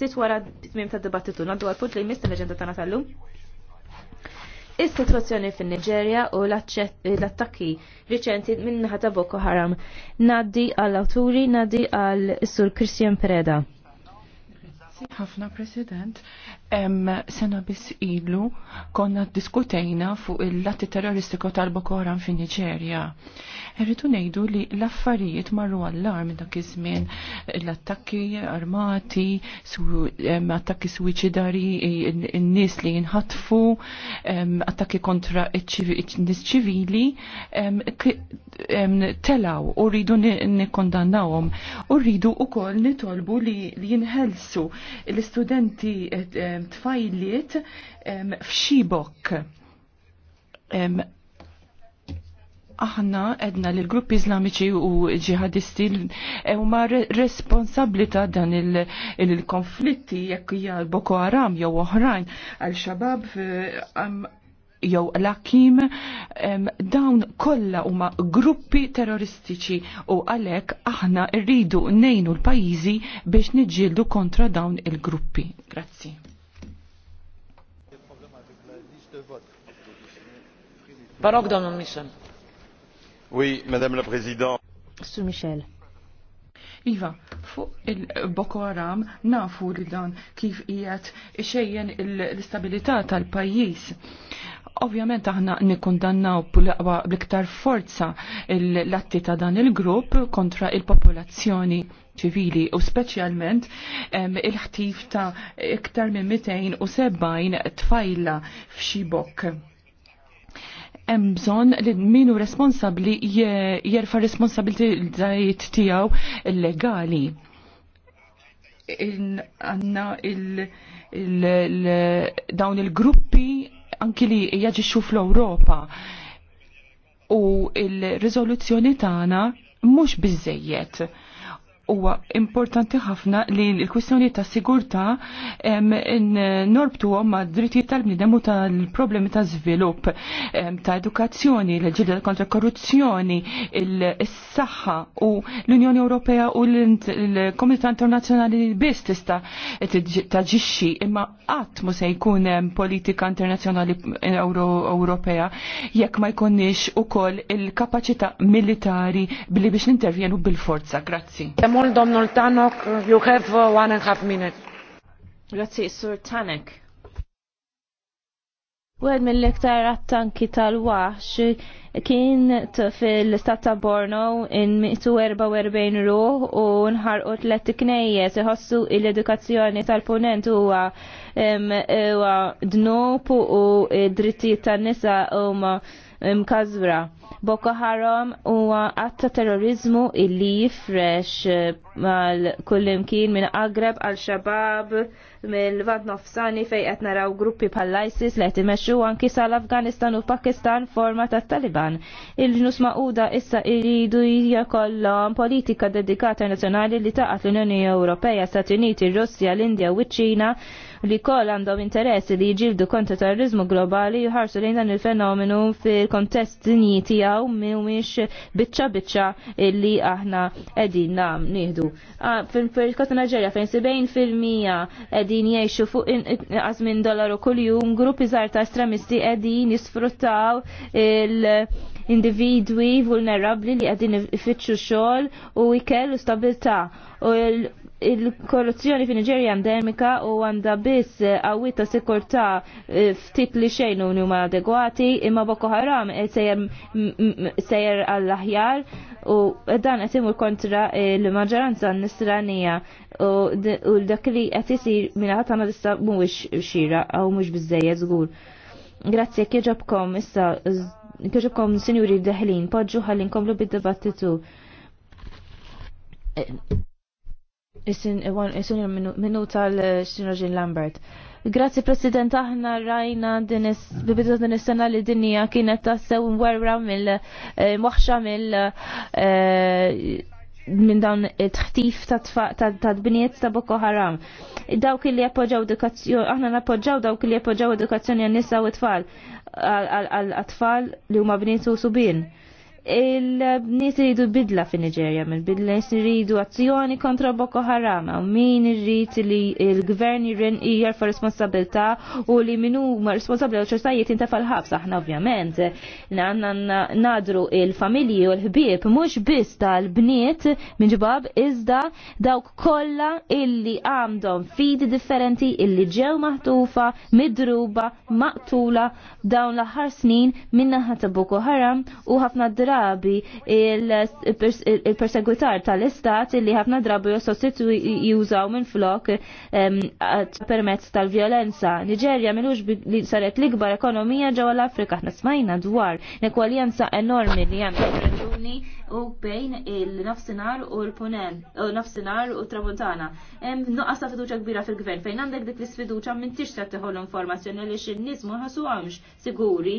sit wara tmiem tad dibattitu naddu għal punt li jmiss tal-leġenda tagħna natallu. Is-sitwazzjoni fin-Niġerja u l-attakki riċenti minn ta' Boko Haram. Naddi għall-awturi, naddi għall-Sur Christian Preda. Ħafna President, Em, sena bis ilu konna diskutejna fuq il-latti terroristiku tal-Boko Haram fi Niġerja. Rridu ngħidu li l-affarijiet marru allarm dak iż-żmien l-attakki armati, su, em, attakki suwiċidari, n-nies li jinħatfu, attakki kontra n-nies ċivili, telaw u rridu nikkondannawhom u rridu ukoll nitolbu li jinħelsu l-istudenti tfajliet f'xibok. Aħna edna l-gruppi islamiċi u ġihadisti e huma responsabli ta' dan il-konflitti jekk hija Boko Haram jew oħrajn għal xabab eh, jew l-akim dawn kollha huma gruppi terroristiċi u għalhekk aħna rridu nejnu l-pajjiżi biex niġġieldu kontra dawn il-gruppi. Grazzi. Oui, Madame la Présidente. Michel. Iva, fuq il-Boko Haram nafu li dan kif qiegħed xejjen l-istabilità tal-pajjiż. Ovvjament aħna nikkundannaw bl-iktar forza l-atti ta' dan il-grupp kontra il-popolazzjoni ċivili u speċjalment il-ħtif ta' iktar minn 270 tfajla f'Xibok hemm bżonn li minu responsabbli jerfa responsabilitajiet tiegħu legali. Għanna il, dawn il-gruppi anki li jaġixxu fl-Ewropa u il-riżoluzzjoni tagħna mhux biżejjed huwa importanti ħafna li l-kwistjoni ta' sigurtà norbtuhom ma' drittijiet tal-bniedem u tal-problemi ta' żvilupp, ta' edukazzjoni, l-ġilda kontra korruzzjoni, is-saħħa u l-Unjoni Ewropea u l-Komunità Internazzjonali biss tista' taġixxi imma qatt mhux se jkun hemm politika internazzjonali Ewropea jekk ma jkunniex ukoll il-kapaċità militari billi biex nintervjenu bil-forza. Grazzi. Uh, għed mill-iktar attanki tal-wax kien fil-istat ta' Borno in 144 ruħ u nħarqu t knejjes seħossu l-edukazzjoni tal-ponent huwa dnub u drittijiet tan-nisa huma ma' mkazra. Boko Haram huwa għatta terrorizmu illi jifresh eh, mal kullimkien minn Agreb għal xabab mill-Vant Nofsani fej qed naraw gruppi bħal ISIS li qed imexxu anki sal-Afganistan u Pakistan forma tat-Taliban. Il-ġnus maquda issa jridu jkollhom politika dedikata nazzjonali li taqat l-Unjoni Ewropea, Stati Uniti, Russja, l-Indja u ċ-Ċina li kol għandhom interessi li jġildu kontra terrorizmu globali jħarsu lejn dan il-fenomenu fil-kontest dinji tijaw miwix bitċa bitċa li aħna edin nam nieħdu. Fil-kosta Nigeria fejn fil-mija edin jiexu fuq inqas minn dollaru kuljum gruppi żgħar ta' estremisti edin jisfruttaw il- individwi vulnerabli li għadin ifittxu xogħol u ikel u stabilta u il-korruzzjoni fi Nigeria endemika u għanda biss eh, għawit ta' sekurta eh, ftit li xejn u huma adegwati imma Boko Haram eh, sejjer għall-aħjar u dan qed imur kontra l-maġġoranza nisranija u l dak li qed isir għatana dista tagħna mhuwiex xira u mhux bizzeja żgur. Grazie, kieġobkom issa kieġobkom sinjuri deħlin, poġġu ħallin l bid debattitu Is-sinjor minu tal-Sinjor Jean Lambert. Grazzi President, aħna rajna bibidu din is-sena li dinja kienet tassew mwerra mill-waħxa mill minn dawn it-ħtif ta' bniet ta' Boko Haram. Dawk li appoġġaw edukazzjoni, aħna nappoġġaw dawk li appoġġaw edukazzjoni għan-nisa u t-tfal, għal-tfal li huma bniet u subin il nis iridu bidla fin niġerja mill-bidles iridu azzjoni kontra Boko Haram, u min rrit li il-gvern ijar fa' responsabilità u li minu ma' responsabilta u ċertajiet jinta fal-ħabs, aħna ovvjament, għanna nadru il-familji u l-ħbieb mhux biss tal-bniet minġbab, izda iżda dawk kollha illi għandhom fidi differenti illi ġew maħtufa, midruba, maqtula dawn l-aħħar snin minna ta' Boko Haram u ħafna drabi drabi il persegwitar tal-istat li ħafna drabi jossostitwi jużaw minn flok permezz tal-violenza. Nigeria minux li saret l-ikbar ekonomija ġewwa l-Afrika ħna smajna dwar nekwaljanza enormi li hemm reġuni u bejn il nafsinar u l-punen, u nafsinar u tramontana. Hemm nuqqas ta' fiduċa kbira fil-gvern fejn għandek dik l sfiduċa minn tixtaq teħol informazzjoni li x'in-nies ħasu ħasuhomx siguri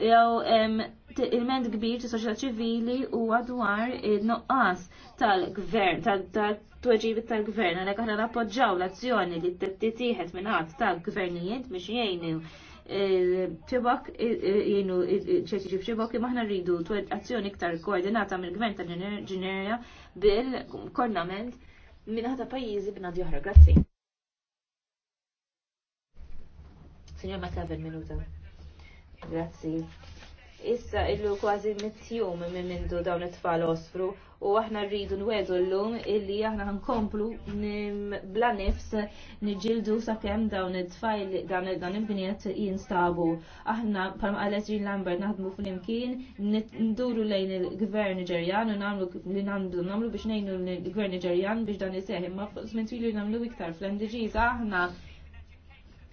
jew il-ment kbir ta' soċjetà ċivili huwa dwar in-nuqqas tal-gvern tal-tweġibi tal-gvern għalhekk aħna nappoġġaw l-azzjoni li tittieħed mingħand tal-gvernijiet biex jgħinu ċibok jenu ċeċi ċibok imma ħna rridu azzjoni iktar koordinata mill-gvern tal-ġenerja bil-kornament minn ħata pajjiżi b'nadi joħra. Grazzi. Signor Mataver, minuta. Grazzi. Issa illu kważi mittjum minn mindu dawn it-tfal osfru u aħna rridu nwedu l-lum illi aħna nkomplu bla nifs nġildu sakemm dawn it tfajl dawn il-bniet jinstabu. Aħna palm qalet Jean Lambert naħdmu fl-imkien nduru lejn il-gvern ġerjan u namlu li namlu namlu biex nejnu l-gvern ġerjan biex dan iseħ ma' żmien twilu namlu iktar fl-NDGs aħna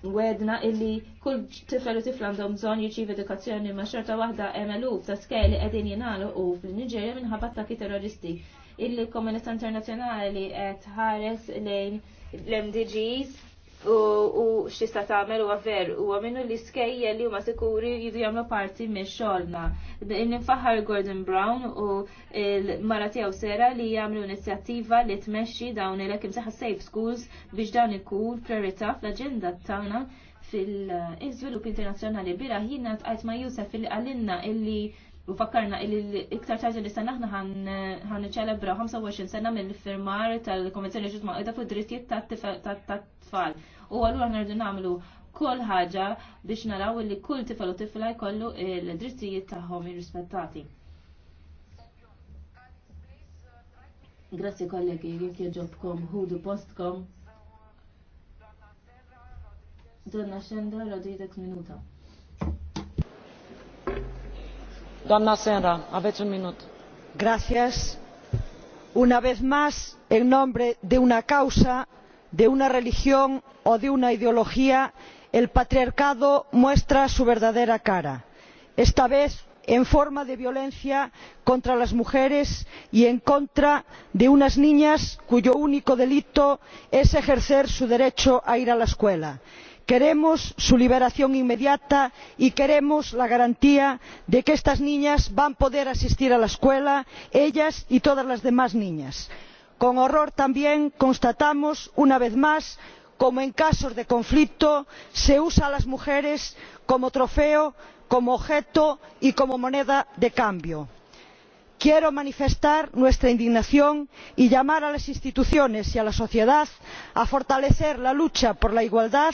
wedna illi kull tifel u tifla għandhom bżonn jirċiv edukazzjoni ma' xorta waħda hemm eluf ta' skej li qegħdin jingħalu u fil-Niġerja minħabba attakki terroristi. Illi komunità internazzjonali qed ħares lejn l-MDGs u xista tagħmel huwa ver u għaminu l-iskejja li huma sikuri jidu jagħmlu parti minn xogħolna. Ninfaħar Gordon Brown u l-mara tiegħu Sera li jagħmlu inizjattiva li tmexxi dawn il-hekk imsaħħa Safe Schools biex dawn ikun priorità fl-aġenda tagħna fil-iżvilupp internazzjonali bira ħina tqajt ma' Jusef fil għalinna illi U fakkarna il-iktar tarġa li sena ħna ħan ċelebra 25 sena mill-firmar tal-Konvenzjoni ġutma qiegħda fuq drittijiet tat-tfal. U allura rridu nagħmlu kull ħaġa biex naraw li kull tifel u tifla jkollu l-drittijiet tagħhom irrispettati. Grazzi kollegi, jek jġobkom, hudu postkom. Donna xenda, dek minuta. Doamna Senra, un Gracias. Una vez más, en nombre de una causa, de una religión o de una ideología, el patriarcado muestra su verdadera cara. Esta vez en forma de violencia contra las mujeres y en contra de unas niñas cuyo único delito es ejercer su derecho a ir a la escuela queremos su liberación inmediata y queremos la garantía de que estas niñas van a poder asistir a la escuela ellas y todas las demás niñas. con horror también constatamos una vez más como en casos de conflicto se usa a las mujeres como trofeo como objeto y como moneda de cambio. quiero manifestar nuestra indignación y llamar a las instituciones y a la sociedad a fortalecer la lucha por la igualdad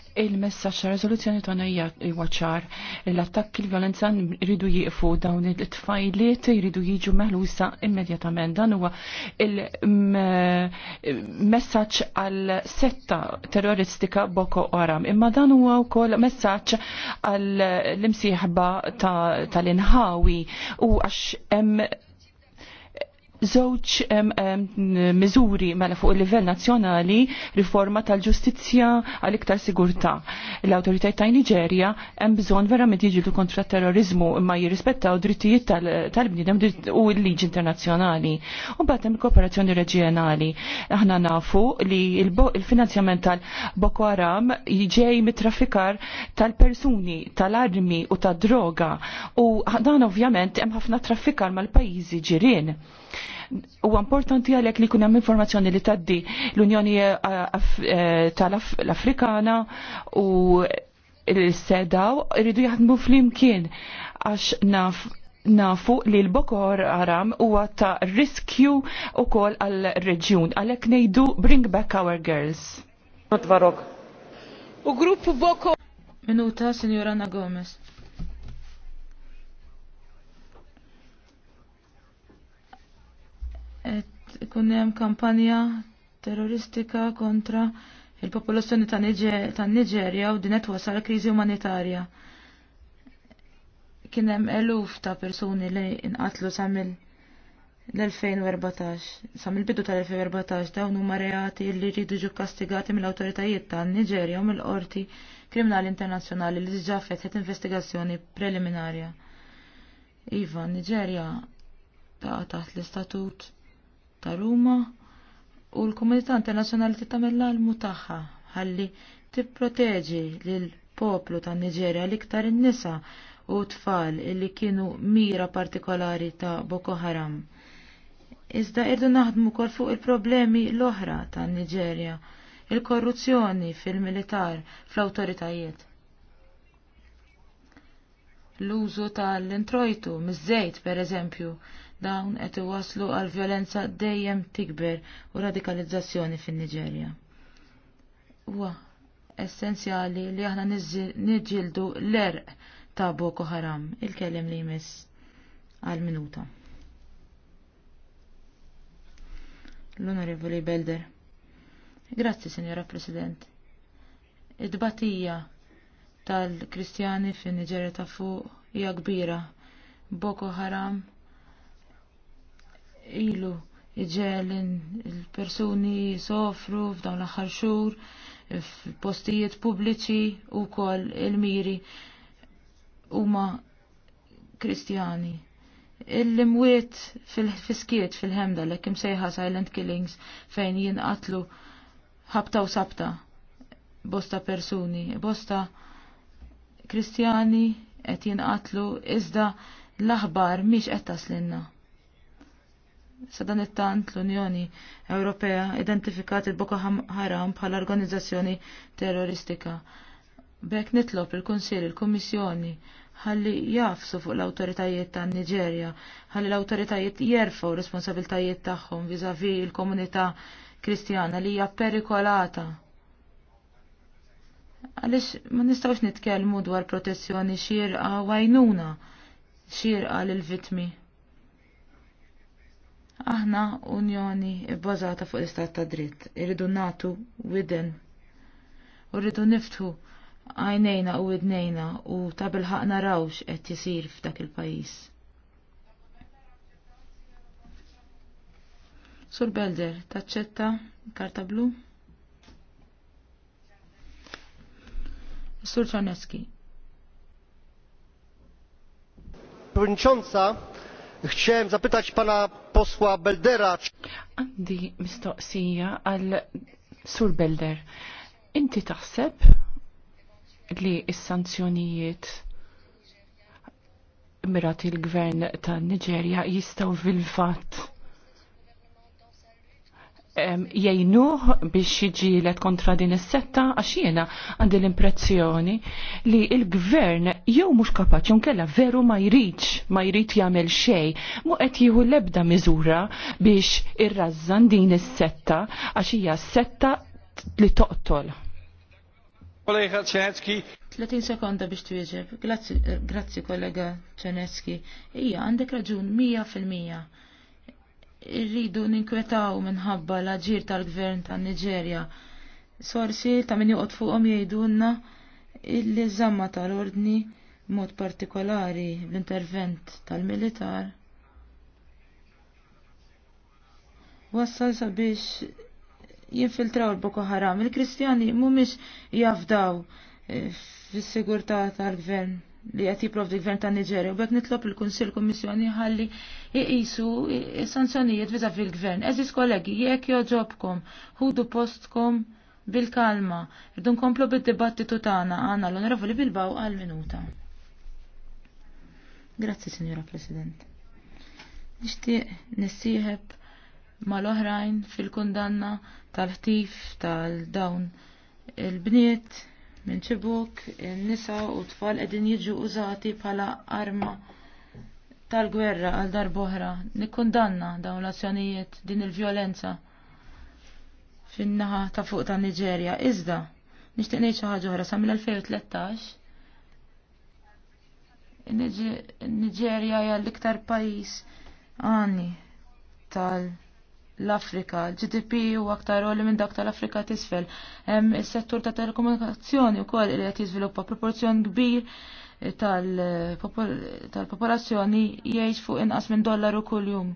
il-messaċ rezoluzzjoni tagħna hija ċar l attakk l-violenza jridu jieqfu dawn it-tfajliet jridu jiġu meħlusa immedjatament dan huwa il-messaġġ mm, għal setta terroristika Boko Haram imma dan huwa wkoll messaġġ għall imsieħba tal-inħawi u għax hemm żewġ miżuri mela fuq il-livell nazzjonali riforma tal-ġustizzja għal iktar sigurtà. l autoritajt ta' Niġerja hemm bżonn verament jiġilu kontra terrorizmu imma jirrispettaw drittijiet tal-bniedem u l-liġi internazzjonali. U bagħad hemm kooperazzjoni reġjonali. Aħna nafu li il-finanzjament tal-Boko Haram jiġej mit-traffikar tal-persuni, tal-armi u tad-droga. U dan ovvjament hemm ħafna traffikar mal-pajjiżi ġirien U importanti għalek li kunem informazzjoni li taddi l-Unjoni eh, eh, tal-Afrikana u il-sedaw irridu jaħdmu fl-imkien għax naf nafu li l-Bokor għaram huwa ta' riskju u kol għal-reġjun. Għalek nejdu bring back our girls. Notvarok. U grupp Boko. Minuta, Signorana Gomez. ikun hemm kampanja terroristika kontra il-popolazzjoni ta' Niġerja u dinet wasal kriżi umanitarja. Kien hemm eluf ta' persuni li inqatlu sa' mill l-2014, sa mill-bidu tal-2014 dawn huma reati li jridu ġu kastigati mill-awtoritajiet ta' Niġerja u mill-qorti kriminali internazzjonali li diġà fetħet investigazzjoni preliminarja. Iva, Niġerja ta' taħt l-istatut ta' Ruma u l-komunità internazzjonali titagħmel l-almu tagħha ħalli tipproteġi lil poplu ta' Niġerja l-iktar in-nisa u tfal li kienu mira partikolari ta' Boko Haram. Iżda irdu naħdmu kol fuq il-problemi l-oħra ta' Niġerja, il-korruzzjoni fil-militar, fl-autoritajiet l-użu tal-introjtu, miż-żejt per eżempju, dawn qed iwasslu għal violenza dejjem tikber u radikalizzazzjoni fin-Niġerja. Huwa essenzjali li aħna niġġieldu l-erq ta' Boko Haram, il-kellem li jmiss għal minuta. L-Onorevoli Belder. Grazzi, Signora President. Id-batija tal-Kristjani fin niġerja ta' fuq hija kbira. Boko Haram ilu iġelin il-persuni jisofru f'dawn l-aħħar xhur f'postijiet pubbliċi u kol il-miri huma Kristjani. Il-limwiet fil-fiskiet fil-ħemda l sejħa Silent Killings fejn jinqatlu ħabta u sabta bosta persuni, bosta Kristjani qed jinqatlu iżda l-aħbar mhix qed taslinna. Sa dan it-tant l-Unjoni Ewropea identifikat il-Boko Haram bħala organizzazzjoni terroristika. Bek nitlob il-Kunsil, il kummissjoni ħalli jafsu fuq l-autoritajiet ta' Nigeria, ħalli l-autoritajiet jerfaw responsabiltajiet tagħhom vizavi il-komunità kristjana li hija perikolata Għalix ma nistawx nitkellmu dwar protezzjoni xirqa għajnuna xirqa l-vitmi. Aħna unjoni bbażata fuq l-istat ta' dritt, irridu natu widen. U rridu niftu għajnejna u idnejna u ta' bilħaq narawx qed jisir f'dak il-pajjiż. Sur Belder, taċċetta karta blu? Sur Czarneski. Przewodnicząca, chciałem zapytać pana posła Beldera. Għandi mistoqsija għal Sur Belder. Inti taħseb li s-sanzjonijiet mirati l-gvern ta' Nigeria jistaw fil-fat jajnuħ biex jiġilet kontra din is-setta għax jiena għandi l-impressjoni li l-gvern jew mhux kapaċi nkella veru ma jridx ma jrid jagħmel xejn mu qed jieħu l-ebda miżura biex irrażżan din is-setta għax hija setta li toqtol. Kollega Czernecki. 30 sekonda biex twieġeb. Grazzi eh, kollega Czernecki. Ija, għandek raġun 100 fil-mija irridu ninkwetaw minħabba l-aġir tal-gvern tan niġerja Sorsi ta' min joqgħod fuqhom jgħidulna illi zamma tal-ordni mod partikolari l-intervent tal-militar. Wassal sabiex jinfiltraw l-Boko Haram. Il-Kristjani mhumiex jafdaw eh, fis-sigurtà tal-gvern li qed jipprovdi gvern ta' Niġerja u bekk nitlob il-Kunsill kommissjoni ħalli iqisu sanzjonijiet viża fil-gvern. Eżis kollegi, jekk joġobkom, ħudu postkom bil-kalma, irdu nkomplu bid-dibattitu tagħna għandna l-Onorevoli Bilbaw għal-minuta. Grazzi, Signora President. Nixtieq nissieħeb mal-oħrajn fil-kundanna tal-ħtif tal-dawn il-bniet minn ċibuk, nisa u tfal edin jiġu użati bħala arma tal-gwerra għal darboħra. Nikkundanna dawn l-azzjonijiet din il-vjolenza fin-naħa ta' fuq ta' Niġerja. Iżda, nixtieq ngħid xi ħaġa oħra sa mill-2013 Nigeria hija l-iktar pajjiż għani tal- l-Afrika. GDP u aktar li minn dak tal-Afrika tisfel. Hemm is-settur ta' telekomunikazzjoni wkoll li għet jiżviluppa proporzjon kbir tal-popolazzjoni jgħix fuq inqas minn dollaru kuljum.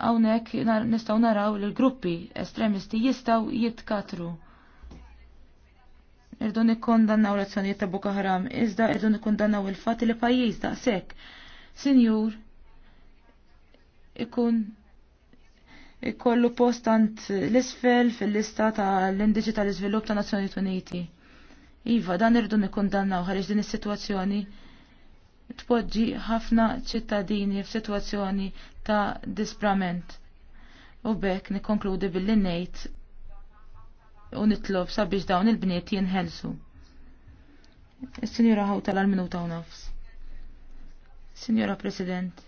Hawnhekk nistgħu naraw li l-gruppi estremisti jistgħu jitkatru. Irdu nikkondannaw l-azzjonijiet ta' Boko Haram, iżda irdu nikkondannaw il fat li pajjiż daqshekk. Sinjur, ikun ikollu postant l-isfel fil-lista ta' l-indiċi tal izvilup ta' Nazzjonijiet Uniti. Iva, dan irdu nikkundannaw ħarġ din is-sitwazzjoni tpoġġi ħafna ċittadini f'sitwazzjoni ta' disprament. U bekk nikkonkludi billi ngħid u nitlob sabiex dawn il-bniet jinħelsu. Is-Sinjora Hawtala l-minuta u nofs. Signora President,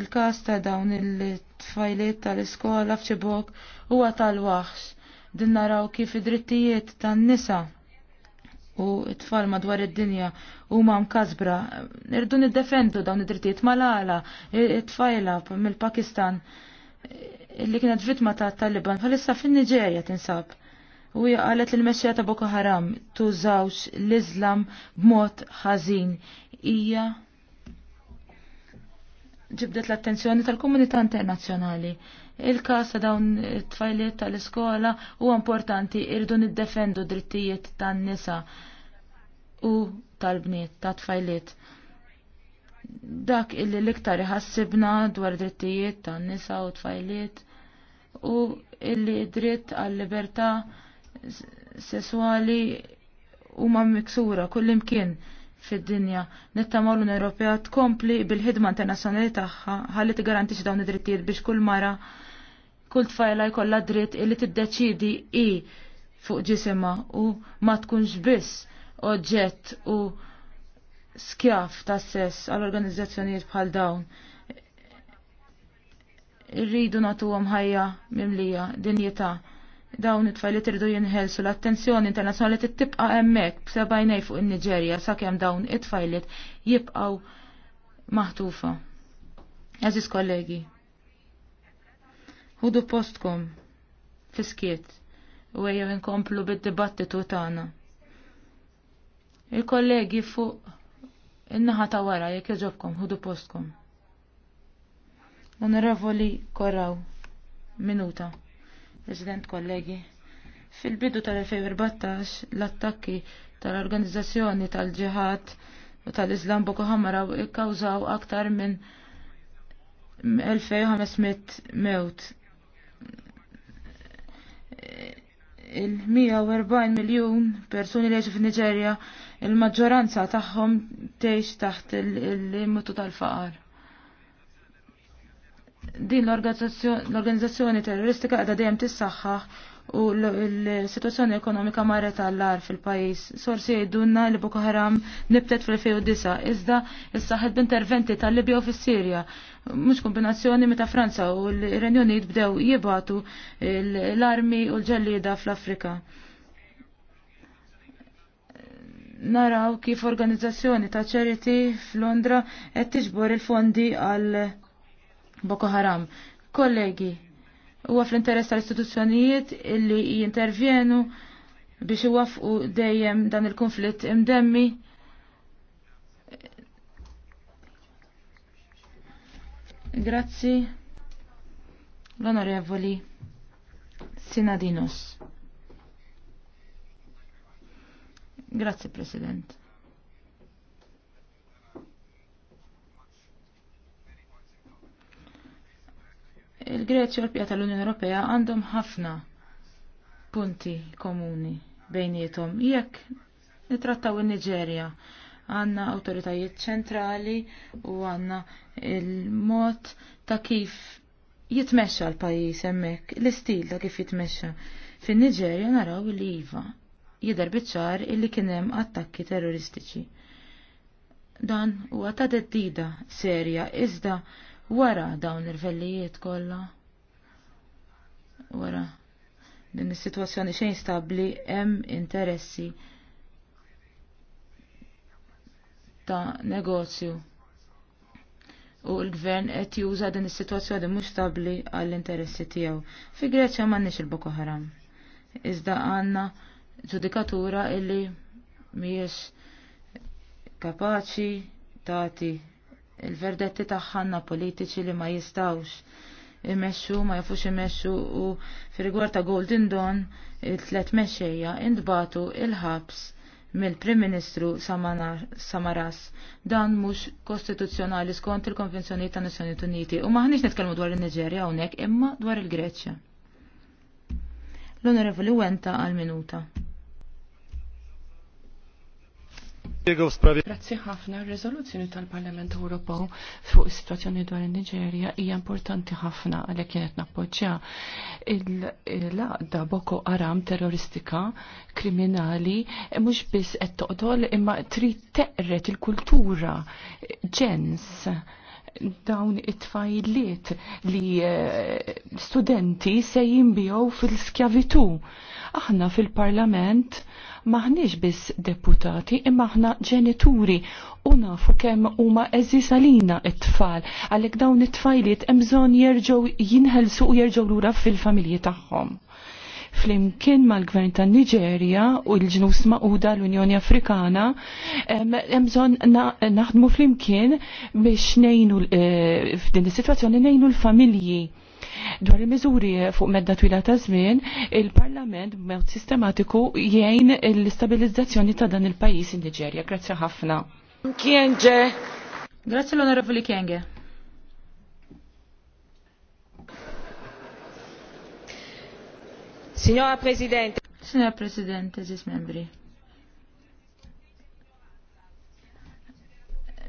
Il-kas ta' dawn il-tfajliet tal-iskola f'ċibok huwa tal-waħx. Din naraw kif id-drittijiet tan-nisa u t-tfal madwar id-dinja u ma mkazbra. Irdu niddefendu dawn id-drittijiet malala, it-tfajla mill-Pakistan li kienet vittma ta' Taliban, bħalissa fin niġerja tinsab. U hija qalet li l-mexxija ta' Boko Haram tużawx l-Iżlam b'mod ħażin. Hija ġibdet l-attenzjoni tal-komunità internazzjonali. Il-kas ta' dawn it-tfajliet tal-iskola huwa importanti irdu niddefendu drittijiet tan-nisa u tal-bniet ta' tfajliet. Dak illi l-iktar iħassibna dwar drittijiet tan-nisa u tfajliet u illi dritt għal-libertà sessuali huma miksura kullimkien. imkien fid-dinja. Nittamaw l-Unjoni Ewropea tkompli bil-ħidma internazzjonali tagħha ħalli tigarantix dawn id-drittijiet biex kull mara kull tfajla jkollha dritt illi tiddeċidi i fuq ġisimha u ma tkunx biss oġġett u skjaf ta' sess għal organizzazzjonijiet bħal dawn. Irridu nagħtuhom ħajja mimlija dinjità dawn it tfajli tridu jinħelsu l-attenzjoni internazzjonali tittibqa' hemmhekk b'sebajnej fuq in-Niġerja sakemm dawn it tfajli jibqgħu maħtufa. Eżis kollegi, ħudu postkom fiskiet u ejjew inkomplu bid-dibattitu tagħna. Il-kollegi fuq in-naħa ta' wara jekk jogħġobkom ħudu postkom. Onorevoli Koraw, minuta. President kollegi, fil-bidu tal-2014 l-attakki tal-organizzazzjoni tal-ġihad u tal-Islam Boko Hamara ikkawżaw aktar minn 2500 mewt. Il-140 miljon persuni li fin niġerja il-maġġoranza tagħhom tgħix taħt il-limitu tal-faqar. Din l-organizzazzjoni terroristika għada dejjem tissaħħaħ u l-situazzjoni ekonomika marret għallar fil-pajis. Sorsi jgħidunna li Boko Haram nibtet fil-2009, iżda s-saħed b'interventi tal-Libja u fil-Sirja. Mux kombinazzjoni meta Franza u l-Iran Unit bdew jibatu l-armi u l-ġellida fl-Afrika. Naraw kif organizzazzjoni ta' ċeriti f'Londra qed tiġbor il-fondi għal Boko Haram. Kollegi, huwa fl-interess tal-istituzzjonijiet illi jintervjenu biex iwafqu dejjem dan il-konflitt imdemmi. Grazzi l-onorevoli Sinadinos. Grazie President. Il-Greċja u l-Pija tal-Unjoni Ewropea għandhom ħafna punti komuni bejnietom. Jekk nitrattaw in-Niġerja għanna autoritajiet ċentrali u għanna il-mod ta' kif jitmexxa l-pajjiż hemmhekk, l-istil ta' kif jitmexxa. Fin-Niġerja naraw li iva jidher biċ-ċar illi kien hemm attakki terroristiċi. Dan huwa ta' deddida serja iżda wara dawn il-vellijiet kollha. Wara din is-sitwazzjoni xejn stabbli hemm interessi ta' negozju u l-gvern qed juża din is-sitwazzjoni mhux stabbli għall-interessi tiegħu. Fi Greċja m'għandniex il-Boko Haram. Iżda għandna ġudikatura illi mhijiex kapaċi tagħti il-verdetti taħħanna politiċi li ma jistawx imexxu ma jafux imexxu u fir ta' Golden Dawn il tlet mexxejja intbatu il-ħabs mill-Prim Ministru Samaras dan mhux kostituzzjonali skont il-Konvenzjoni ta' Nazzjoni Uniti u maħniex nitkellmu dwar in-Niġerja hawnhekk imma dwar il-Greċja. L-Onorevoli Wenta għal minuta. Grazzi ħafna, r-rezoluzzjoni tal-Parlament Ewropew fuq is-sitwazzjoni dwar in-Niġerja hija importanti ħafna għalhekk kienet nappoġġja il-laqda Boko Haram terroristika kriminali mhux biss qed toqgħod imma trid teqret il-kultura ġens dawn it-tfajliet li eh, studenti se jimbijow fil-skjavitu. Aħna fil-parlament maħniex biss deputati imma aħna ġenituri u nafu kemm huma eżisalina it-tfal għalhekk dawn it-tfajliet hemm bżonn jerġgħu jinħelsu u jerġgħu lura fil-familji tagħhom flimkien mal-gvern ta' Niġerja u l-ġnus maquda l-Unjoni Afrikana hemm bżonn naħdmu flimkien biex nejnu eh, f'din is-sitwazzjoni nejnu l-familji dwar il-miżuri fuq medda twila ta' żmien, il-Parlament b'mod sistematiku jgħin l-istabilizzazzjoni ta' dan il-pajjiż in-Niġerja. Grazzi ħafna. Kienge. Grazzi l-Onorevoli Kienge. Signora Presidente. Signora Presidente, sis membri.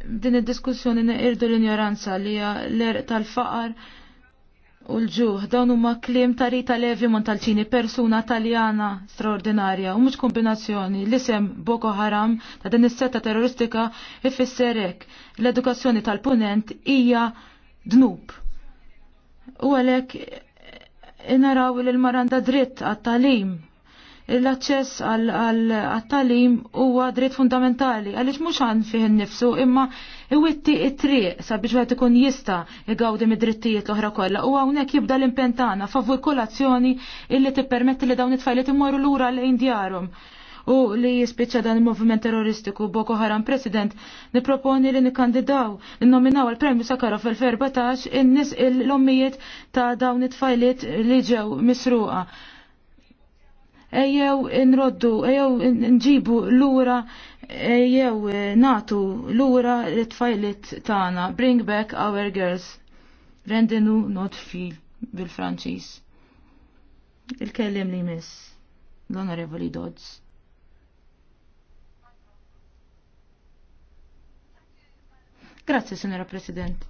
Din id-diskussjoni irdu l-ignoranza li l-erq tal-faqar u l-ġuħ dawn huma kliem ta' Rita Levi Montalcini, persuna taljana straordinarja u mhux kombinazzjoni li sem Boko Haram ta' din is-setta terroristika ifisser hekk l-edukazzjoni tal-punent hija dnub. U għalhekk naraw li l-maranda dritt għat-talim. L-aċċess għat-talim huwa dritt fundamentali għaliex mhux għan fih innifsu imma iwitti it-triq sabiex wieħed ikun jista' igawdi mid-drittijiet l-oħra kollha u hawnhekk jibda l-impentana favur kolazzjoni illi tippermetti li dawn it-tfajliet imorru lura l djarhom u li jispiċċa dan il movement terroristiku Boko Haram President niproponi li nikkandidaw nominaw għal premju Sakharov fil-2014 in-nies il-lommijiet ta' dawn it-tfajliet li ġew misruqa ejjew nroddu, ejjew nġibu l-ura, ejjew eh, natu l-ura l-tfajlit tana, bring back our girls, rendinu not feel bil-Franċis. Il-kellim li miss, l-Onorevoli Dodds. Grazzi, Signora President.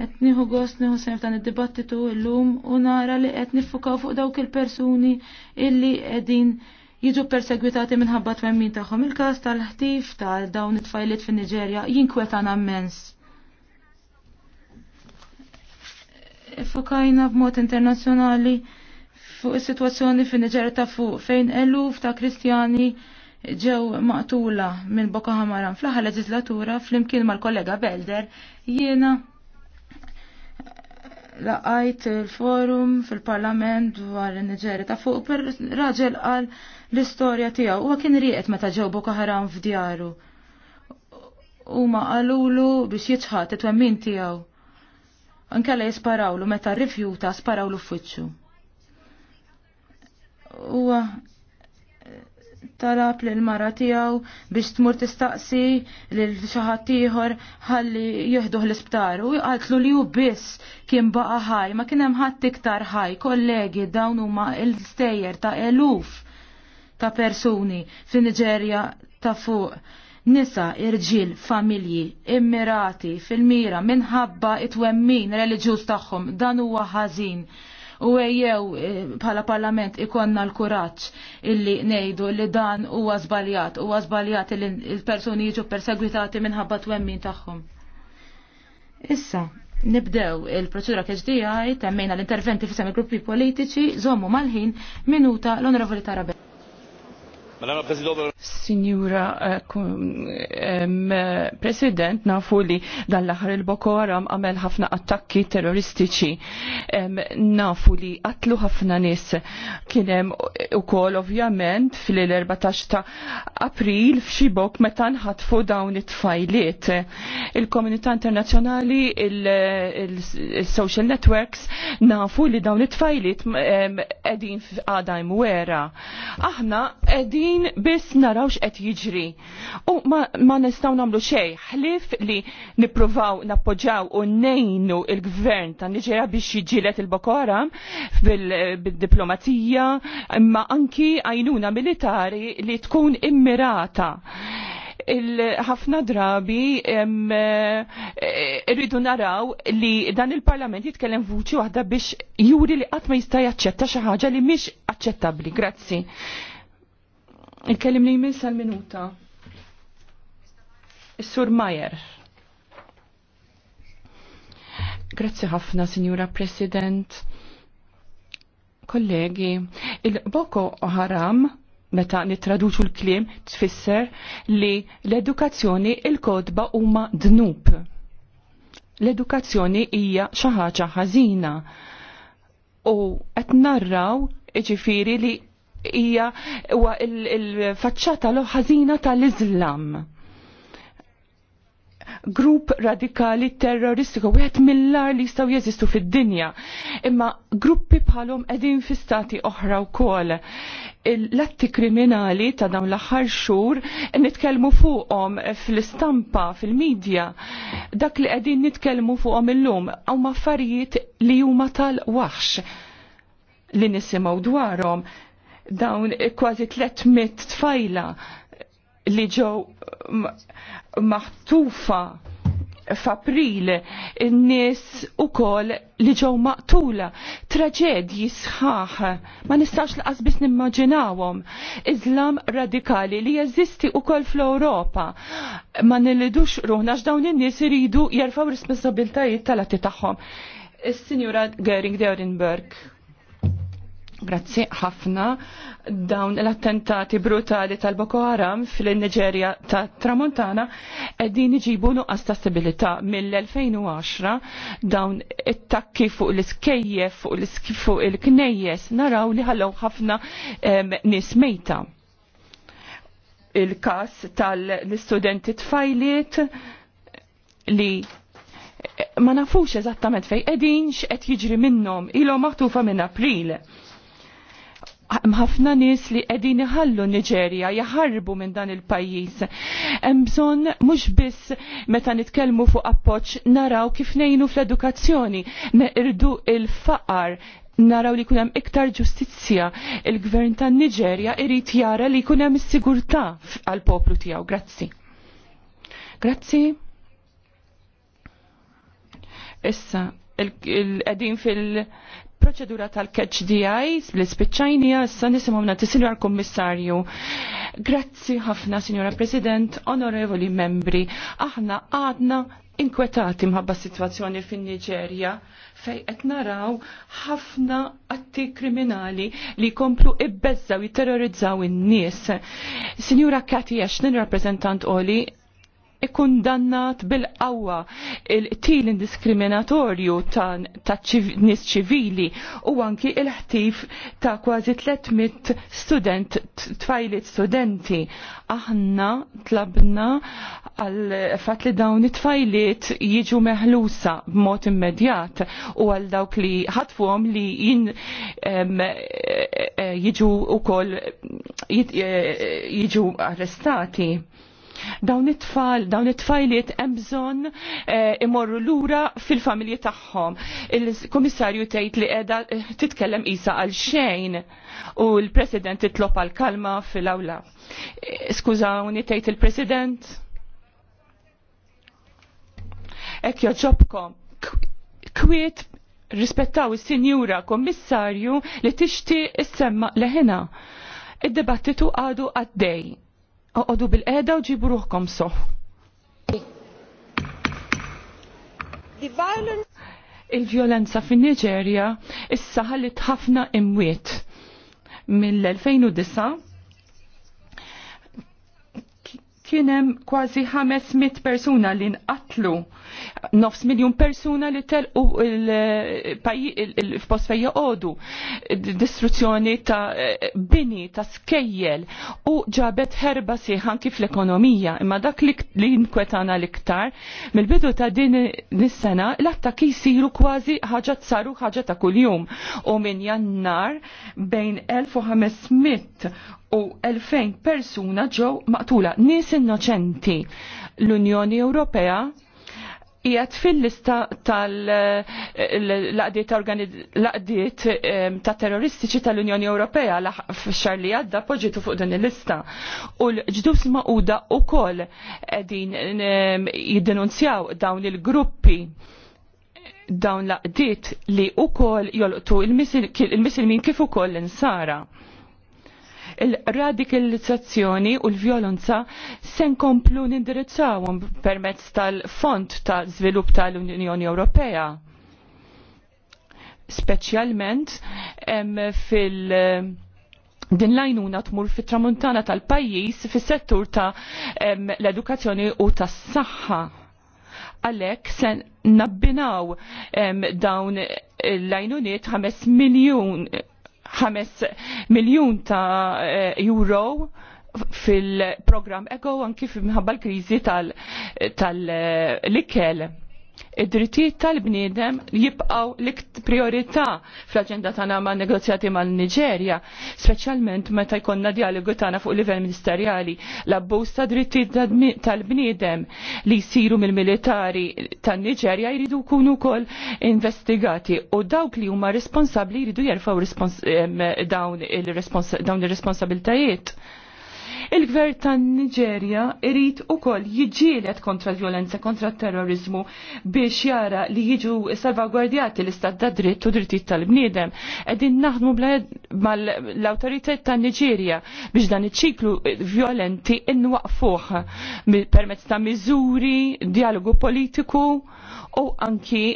Qed nieħu gost nieħu sem f'dan id-dibattitu llum u nara li qed niffukaw fuq dawk il-persuni illi qegħdin jiġu persegwitati minħabba twemmin tagħhom il-każ tal-ħtif tal dawn it fajlit fin-Niġerja jinkwetana immens. Fokajna b'mod internazzjonali fuq is-sitwazzjoni fin nigeria ta' fuq fejn eluf ta' Kristjani ġew maqtula minn Boko Hamaran fl-aħħar leġislatura flimkien mal-kollega Belder jiena laqajt il-forum fil-parlament dwar il-Niġeri ta' fuq per raġel qal l-istorja tiegħu huwa kien rieqed meta ġew Boko Haram f'djaru. Huma qalulu biex jiċħat it-twemmin tiegħu. Nkella jisparawlu meta rrifjuta sparawlu f'wiċċu. Huwa talab lil mara tiegħu biex tmur tistaqsi lil xi ħadd ieħor ħalli jieħduh l-isptar u jqatlu li hu biss kien baqa' ħaj ma kien hemm ħadd iktar ħaj kollegi dawn huma l-stejjer ta' eluf ta' persuni fin niġerja ta' fuq nisa irġil familji immirati fil-mira minħabba it-wemmin reliġjuż tagħhom dan huwa ħażin u għejjew e, bħala parlament ikonna l-kuraġġ illi ngħidu li dan huwa żbaljat, huwa żbaljat illi l-persuni jiġu persegwitati minħabba t-wemmin tagħhom. Issa, nibdew il-proċedura KHDI, temmejna l-interventi fissam il-gruppi politiċi, zommu mal-ħin, minuta l-Onorevoli Tarabella. President. Signora eh, President, nafu li dan l-aħħar il-Boko Haram għamel ħafna attakki terroristiċi. Nafu li qatlu ħafna nies kien hemm ukoll ovvjament fil-14 ta' April f'Xibok meta nħatfu dawn it-tfajliet. Il-komunità internazzjonali, il-social networks nafu li dawn it-tfajliet qegħdin għada imwera. Aħna qegħdin qegħdin biss narawx qed jiġri. U ma, ma nistgħu nagħmlu xejn ħlif li nippruvaw nappoġġaw u nejnu il-gvern ta' Niġerja biex jiġilet il-Boko Haram bil-diplomazija, imma anki għajnuna militari li tkun immirata ħafna drabi irridu eh, naraw li dan il-parlament jitkellem vuċi waħda biex juri li qatt ma jista' jaċċetta xi ħaġa li mhix aċċettabbli. Grazzi. Il-kellim li jmiss għal-minuta. sur Majer. Grazzi ħafna, Signora President. Kollegi, il-Boko Haram meta nitraduċu l-klim tfisser li l-edukazzjoni il-kodba huma dnub. L-edukazzjoni hija xi ħaġa ħażina. U qed narraw ġifiri li hija huwa il-faċċata l ħażina tal-Iżlam. Grupp radikali terroristiku wieħed millar li jistgħu jeżistu fid-dinja, imma gruppi bħalhom qegħdin fi stati oħra wkoll l-atti kriminali ta' dawn l-aħħar xhur nitkellmu fuqhom fl-istampa, fil-medja, dak li qegħdin nitkellmu fuqhom illum hawn affarijiet li huma tal-waħx li nisimgħu dwarhom dawn kważi 300 tfajla li ġew maħtufa f'April in-nies ukoll li ġew maqtula traġedji sħaħ ma nistax laqas biss nimmaġinawhom iżlam radikali li jeżisti ukoll fl-Ewropa ma nilidux ruħna x'dawn in-nies iridu jerfgħu responsabiltajiet tal-atti tagħhom. Is-Sinjura Gering Deurenberg. Grazzi ħafna dawn l-attentati brutali tal-Boko Haram fil-Niġerja ta' Tramontana qegħdin iġibu nuqqas ta' stabilità mill-2010 dawn it-takki fuq l-iskejjef fuq fuq il-knejjes naraw li ħallew ħafna nismejta. mejta. Il-każ tal-istudenti tfajliet li ma nafux eżattament fej qegħdin x'qed jiġri minnhom ilhom maħtufa minn April ħafna nies li qegħdin iħallu Niġerja jaħarbu minn dan il-pajjiż. Hemm bżonn mhux biss meta nitkellmu fuq appoġġ naraw kif ngħinu fl-edukazzjoni, irdu il-faqar naraw li kunem iktar ġustizzja il-gvern tan niġerja irrit jara li kunem sigurtà għal poplu tijaw. Grazzi. Grazzi. Issa, il-qedin fil proċedura tal-catch DI bl spiċċajnija issa nisimgħu nagħti Sinjor Kummissarju. Grazzi ħafna Sinjora President, onorevoli membri, aħna għadna inkwetati mħabba situazzjoni fin niġerja fej qed naraw ħafna atti kriminali li komplu ibbezzaw jitterrorizzaw in-nies. Sinjura Katiex, nirrappreżentant Oli, ikkundannat bil-qawwa il-qtil indiskriminatorju ta' nis ċivili u anki il-ħtif ta' kważi 300 student, tfajlit studenti. Aħna tlabna għal fat li dawn it-tfajlit jiġu meħlusa b'mod immedjat u għal dawk li ħatfuhom li jin e, e, e, jiġu u jiġu arrestati Dawn it-tfal, dawn it-tfajliet hemm bżonn eh, imorru lura fil-familji tagħhom. Il-Kummissarju tgħid li qiegħda eh, titkellem isa għal xejn u l-President titlob għal kalma fil-awla. Eh, skużawni tgħid il-President ek joġobkom kwiet rispettaw is-sinjura Kummissarju li tixti s-semma leħena. Id-debattitu għadu għaddej. Oqodu bil-qeda u ġibu ruħkom soħ. Il-violenza fin Nigeria issa ħallit ħafna imwiet mill-2009 kienem kważi 500 persuna li nqatlu, nofs miljon persuna li telqu il-post fejja għodu, distruzzjoni ta' bini, ta' skejjel u ġabet herba siħan kif l-ekonomija. Imma dak li nkwetana l-iktar, mill-bidu ta' din nis-sena l-attakki jisiru kważi ħaġa tsaru ħaġa ta' kuljum u minn jannar bejn 1500 u 2000 persuna ġew maqtula nies innoċenti. L-Unjoni Ewropea qiegħed fil-lista tal-laqdiet ta' terroristiċi tal-Unjoni Ewropea f'xar li għadda poġġietu fuq din il-lista. U l-ġdus ma'uda u koll din jiddenunzjaw dawn il-gruppi dawn laqdiet li u koll jolqtu il-misilmin kif u koll l-insara il-radikalizzazzjoni u l-vjolenza se nkomplu nindirizzawhom permezz tal-Fond ta' Żvilupp tal-Unjoni Ewropea. Speċjalment fil- din lajnuna tmur fit tramuntana tal-pajjiż fis-settur ta' l-edukazzjoni u tas-saħħa. Għalhekk se nabbinaw dawn l lajnunit 5 miljun ħames miljun ta' eh, euro fil-program ECO anki minħabba l-krizi tal-ikel. Tal eh, id-drittijiet tal-bniedem jibqaw likt ikt priorità fl-aġenda tagħna ma' negozjati mal-Niġerja, speċjalment meta jkollna dialogu tagħna fuq livell ministerjali l-abbuż ta' drittijiet tal-bniedem li jsiru mill-militari tan-Niġerja jridu jkunu wkoll investigati u dawk li huma responsabbli jridu jerfgħu dawn ir-responsabiltajiet. Il-gvern tan Niġerja irid ukoll jiġielet kontra l-violenza kontra terrorizmu biex jara li jiġu salvagwardjati l-istat ta' dritt u drittijiet tal-bniedem. Qegħdin naħdmu mal-awtoritet tan Niġerja biex dan iċ-ċiklu violenti inwaqfuh permezz ta' miżuri, dialogu politiku u anki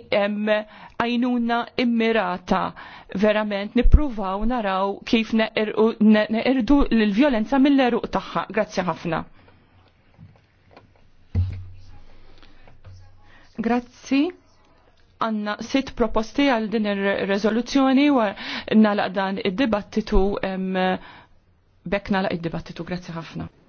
għajnuna immirata verament nipruvaw naraw kif neqirdu l-violenza mill-eruq tagħha. Grazzi ħafna. Grazzi għanna sitt proposti għal din ir-rezoluzzjoni u nalaq dan id-dibattitu bekna nalaq id-dibattitu. Grazzi ħafna.